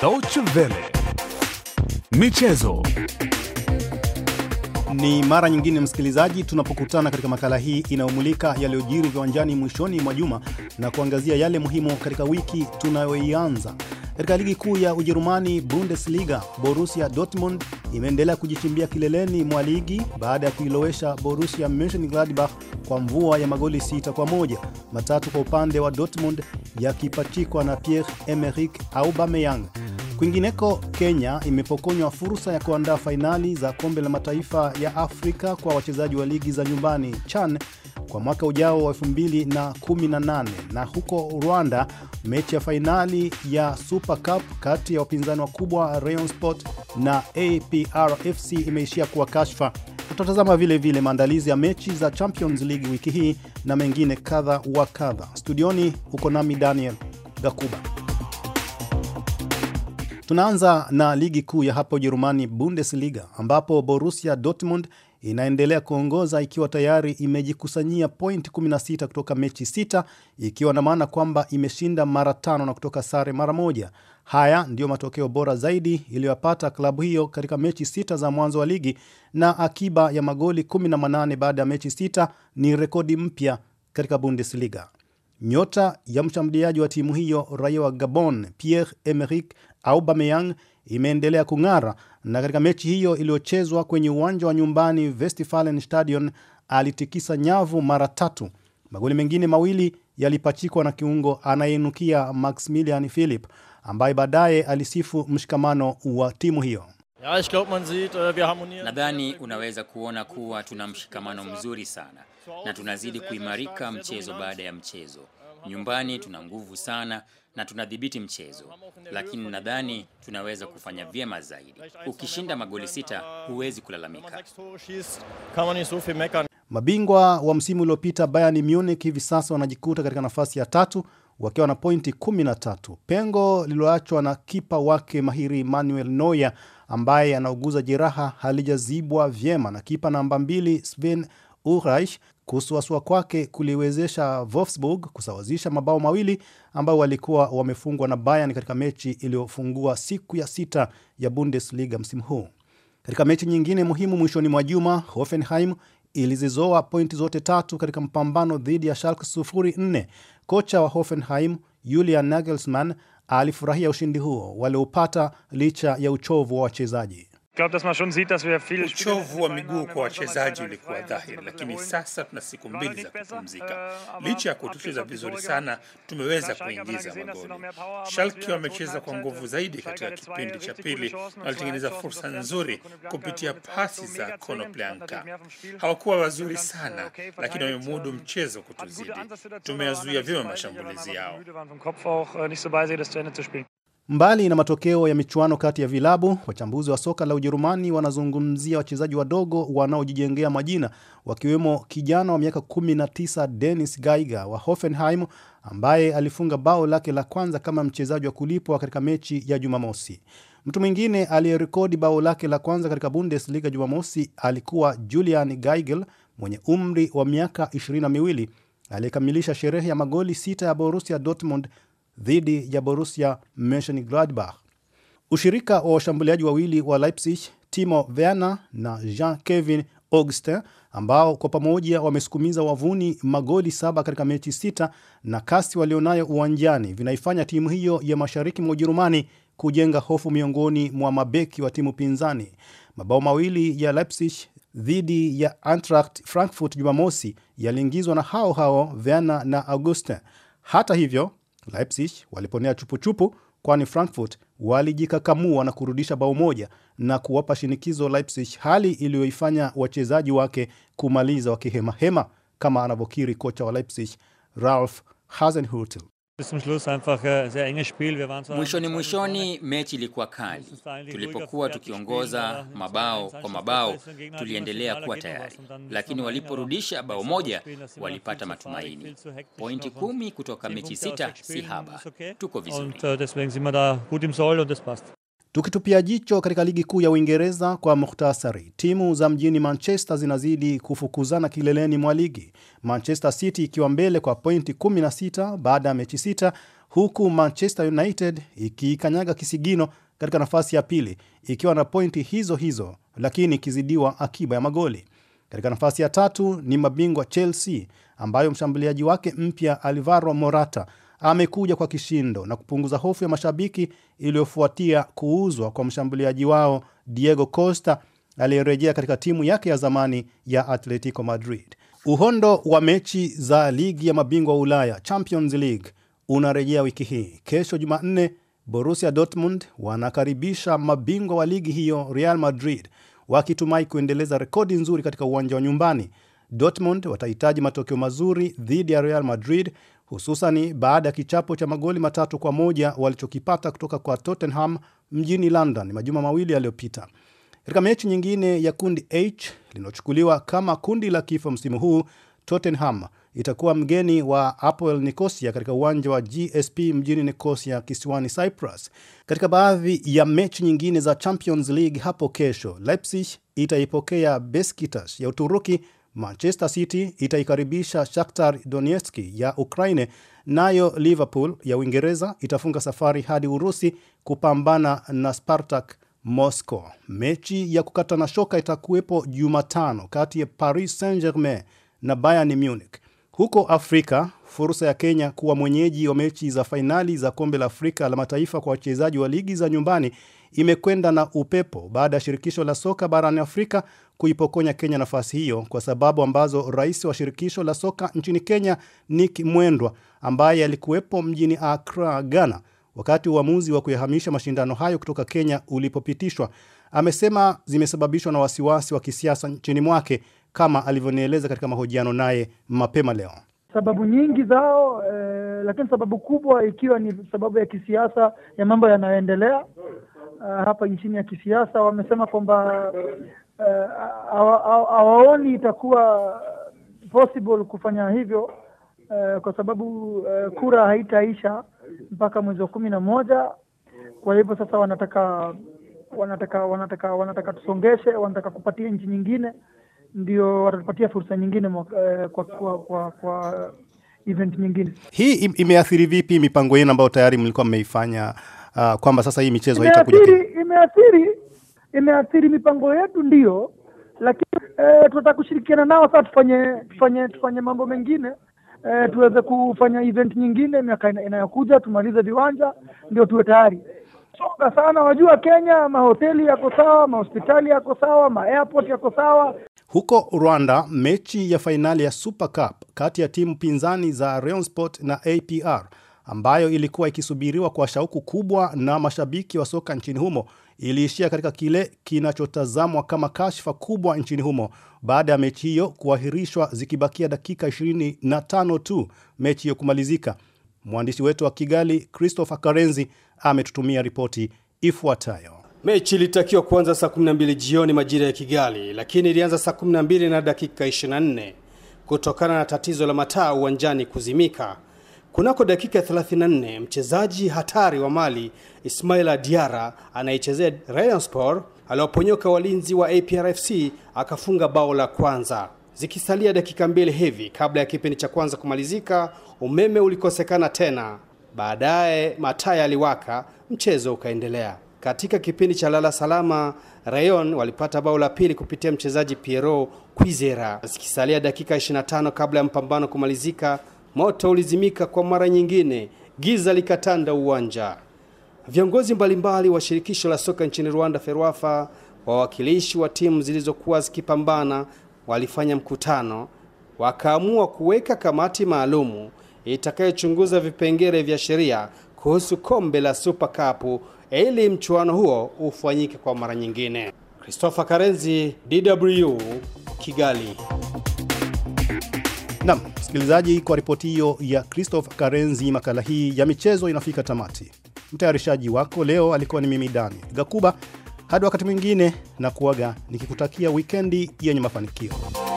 Deutsche Welle Michezo. Ni mara nyingine msikilizaji, tunapokutana katika makala hii inayomulika yaliyojiri viwanjani mwishoni mwa juma na kuangazia yale muhimu katika wiki tunayoianza. Katika ligi kuu ya Ujerumani, Bundesliga, Borussia Dortmund imeendelea kujichimbia kileleni mwa ligi baada ya kuilowesha Borussia Mönchengladbach kwa mvua ya magoli sita kwa moja, matatu kwa upande wa Dortmund yakipachikwa na Pierre Emerick Aubameyang. Kwingineko, Kenya imepokonywa fursa ya kuandaa fainali za kombe la mataifa ya Afrika kwa wachezaji wa ligi za nyumbani CHAN kwa mwaka ujao wa 2018 na huko Rwanda mechi ya fainali ya Super Cup kati ya wapinzani wakubwa Rayon Sport na APRFC imeishia kuwa kashfa. Tutatazama vile vile maandalizi ya mechi za Champions League wiki hii na mengine kadha wa kadha. Studioni uko nami Daniel Gakuba. Tunaanza na ligi kuu ya hapa Ujerumani, Bundesliga, ambapo Borussia Dortmund inaendelea kuongoza ikiwa tayari imejikusanyia point 16 kutoka mechi sita, ikiwa na maana kwamba imeshinda mara tano na kutoka sare mara moja. Haya ndiyo matokeo bora zaidi iliyoyapata klabu hiyo katika mechi sita za mwanzo wa ligi, na akiba ya magoli 18 baada ya mechi sita ni rekodi mpya katika Bundesliga. Nyota ya mshambuliaji wa timu hiyo raia wa Gabon Pierre Emerick Aubameyang imeendelea kung'ara na katika mechi hiyo iliyochezwa kwenye uwanja wa nyumbani Westfalen Stadion alitikisa nyavu mara tatu. Magoli mengine mawili yalipachikwa na kiungo anayeinukia Maximilian Philip ambaye baadaye alisifu mshikamano wa timu hiyo. Äh, nadhani unaweza kuona kuwa tuna mshikamano mzuri sana na tunazidi kuimarika mchezo baada ya mchezo. Nyumbani tuna nguvu sana na tunadhibiti mchezo, lakini nadhani tunaweza kufanya vyema zaidi. Ukishinda magoli sita huwezi kulalamika. Mabingwa wa msimu uliopita Bayern Munich hivi sasa wanajikuta katika nafasi ya tatu wakiwa na pointi 13, pengo lililoachwa na kipa wake mahiri Manuel Neuer ambaye anauguza jeraha halijazibwa vyema na kipa namba mbili Sven Ulreich kusuasua kwake kuliwezesha Wolfsburg kusawazisha mabao mawili ambao walikuwa wamefungwa na Bayern katika mechi iliyofungua siku ya sita ya Bundesliga msimu huu. Katika mechi nyingine muhimu mwishoni mwa juma, Hoffenheim ilizizoa pointi zote tatu katika mpambano dhidi ya Schalke 04. Kocha wa Hoffenheim Julian Nagelsmann alifurahia ushindi huo walioupata licha ya uchovu wa wachezaji. Uchovu wa miguu kwa wachezaji ulikuwa dhahiri, lakini sasa tuna siku mbili za kupumzika. Licha ya kutucheza vizuri sana, tumeweza kuingiza magoli. Schalke wamecheza kwa nguvu zaidi katika kipindi cha pili na walitengeneza fursa nzuri kupitia pasi za Konoplyanka. Hawakuwa wazuri sana, lakini wamemudu mchezo kutuzidi. Tumeyazuia vyema mashambulizi yao. Mbali na matokeo ya michuano kati ya vilabu, wachambuzi wa soka la Ujerumani wanazungumzia wachezaji wadogo wanaojijengea majina, wakiwemo kijana wa miaka 19 Dennis Geiger wa Hoffenheim ambaye alifunga bao lake la kwanza kama mchezaji wa kulipwa katika mechi ya Jumamosi. Mtu mwingine aliyerekodi bao lake la kwanza katika Bundesliga Jumamosi alikuwa Julian Geigel mwenye umri wa miaka ishirini na miwili aliyekamilisha sherehe ya magoli sita ya Borussia Dortmund dhidi ya Borussia Mönchengladbach. Ushirika wa washambuliaji wawili wa Leipzig, Timo Werner na Jean Kevin Augustin, ambao kwa pamoja wamesukumiza wavuni magoli saba katika mechi sita, na kasi walionayo uwanjani vinaifanya timu hiyo ya mashariki mwa Ujerumani kujenga hofu miongoni mwa mabeki wa timu pinzani. Mabao mawili ya Leipzig dhidi ya Eintracht Frankfurt Jumamosi yaliingizwa na hao hao Werner na Augustin. Hata hivyo, Leipzig waliponea chupuchupu, kwani Frankfurt walijikakamua na kurudisha bao moja na kuwapa shinikizo Leipzig, hali iliyoifanya wachezaji wake kumaliza wakihemahema, kama anavyokiri kocha wa Leipzig Ralf Hasenhutl. Äh, mwishoni mwishoni, mechi ilikuwa kali. Tulipokuwa tukiongoza mabao kwa mabao, tuliendelea kuwa tayari, lakini waliporudisha bao moja walipata matumaini. Pointi kumi kutoka mechi sita si haba, tuko vizuri. Äh, Tukitupia jicho katika ligi kuu ya Uingereza kwa muhtasari, timu za mjini Manchester zinazidi kufukuzana kileleni mwa ligi, Manchester City ikiwa mbele kwa pointi 16 baada ya mechi sita, huku Manchester United ikiikanyaga kisigino katika nafasi ya pili ikiwa na pointi hizo hizo, lakini ikizidiwa akiba ya magoli. Katika nafasi ya tatu ni mabingwa Chelsea ambayo mshambuliaji wake mpya Alvaro Morata amekuja kwa kishindo na kupunguza hofu ya mashabiki iliyofuatia kuuzwa kwa mshambuliaji wao Diego Costa aliyerejea katika timu yake ya zamani ya Atletico Madrid. Uhondo wa mechi za ligi ya mabingwa wa Ulaya Champions League unarejea wiki hii. Kesho Jumanne, Borussia Dortmund wanakaribisha mabingwa wa ligi hiyo Real Madrid wakitumai kuendeleza rekodi nzuri katika uwanja wa nyumbani. Dortmund watahitaji matokeo mazuri dhidi ya Real Madrid hususani baada ya kichapo cha magoli matatu kwa moja walichokipata kutoka kwa Tottenham mjini London majuma mawili yaliyopita. Katika mechi nyingine ya kundi H linalochukuliwa kama kundi la kifo msimu huu, Tottenham itakuwa mgeni wa Apoel Nicosia katika uwanja wa GSP mjini Nicosia kisiwani Cyprus. Katika baadhi ya mechi nyingine za Champions League hapo kesho, Leipzig itaipokea Besiktas ya Uturuki Manchester City itaikaribisha Shakhtar Donetsk ya Ukraine, nayo Liverpool ya Uingereza itafunga safari hadi Urusi kupambana na Spartak Moscow. Mechi ya kukata na shoka itakuwepo Jumatano kati ya Paris Saint-Germain na Bayern Munich. Huko Afrika, fursa ya Kenya kuwa mwenyeji wa mechi za fainali za kombe la Afrika la mataifa kwa wachezaji wa ligi za nyumbani imekwenda na upepo baada ya shirikisho la soka barani Afrika kuipokonya Kenya nafasi hiyo kwa sababu ambazo rais wa shirikisho la soka nchini Kenya Nick Mwendwa ambaye alikuwepo mjini Accra, Ghana wakati uamuzi wa kuyahamisha mashindano hayo kutoka Kenya ulipopitishwa amesema zimesababishwa na wasiwasi wa kisiasa nchini mwake kama alivyonieleza katika mahojiano naye mapema leo. Sababu nyingi zao eh, lakini sababu kubwa ikiwa ni sababu ya kisiasa ya mambo yanayoendelea Uh, hapa nchini ya kisiasa, wamesema kwamba uh, hawaoni itakuwa possible kufanya hivyo Uh, kwa sababu uh, kura haitaisha mpaka mwezi wa kumi na moja. Kwa hivyo sasa wanataka wanataka wanataka wanataka tusongeshe, wanataka kupatia nchi nyingine, ndio watatupatia fursa nyingine uh, kwa, kwa, kwa, kwa event nyingine. Hii imeathiri vipi mipango yenu ambayo tayari mlikuwa mmeifanya uh, kwamba sasa hii michezo haitakuja imeathiri imeathiri mipango yetu ndio, lakini e, tunataka kushirikiana nao sasa, tufanye tufanye tufanye mambo mengine e, tuweze kufanya event nyingine miaka inayokuja, tumalize viwanja ndio tuwe tayari soka sana. Wajua Kenya mahoteli yako sawa, mahospitali yako sawa, ma airport yako sawa. Huko Rwanda, mechi ya fainali ya Super Cup kati ya timu pinzani za Rayon Sport na APR ambayo ilikuwa ikisubiriwa kwa shauku kubwa na mashabiki wa soka nchini humo iliishia katika kile kinachotazamwa kama kashfa kubwa nchini humo baada ya mechi hiyo kuahirishwa zikibakia dakika 25 tu mechi hiyo kumalizika. Mwandishi wetu wa Kigali Christopher Karenzi ametutumia ripoti ifuatayo. Mechi ilitakiwa kuanza saa 12 jioni majira ya Kigali, lakini ilianza saa 12 na dakika 24 kutokana na tatizo la mataa uwanjani kuzimika. Kunako dakika 34 mchezaji hatari wa Mali Ismaila Diara anayechezea Rayon Sport alioponyoka walinzi wa APRFC akafunga bao la kwanza. Zikisalia dakika mbili hivi kabla ya kipindi cha kwanza kumalizika, umeme ulikosekana tena. Baadaye mataya aliwaka, mchezo ukaendelea. Katika kipindi cha lala salama, Rayon walipata bao la pili kupitia mchezaji Piero Kwizera. Zikisalia dakika 25 kabla ya mpambano kumalizika, moto ulizimika kwa mara nyingine, giza likatanda uwanja. Viongozi mbalimbali wa shirikisho la soka nchini Rwanda FERWAFA, wawakilishi wa timu zilizokuwa zikipambana walifanya mkutano, wakaamua kuweka kamati maalumu itakayochunguza vipengele vya sheria kuhusu kombe la Super Cup ili mchuano huo ufanyike kwa mara nyingine. Christopher Karenzi, DW, Kigali. Msikilizaji, kwa ripoti hiyo ya Christoph Karenzi, makala hii ya michezo inafika tamati. Mtayarishaji wako leo alikuwa ni mimi Dani Gakuba. Hadi wakati mwingine, na kuaga nikikutakia wikendi yenye mafanikio.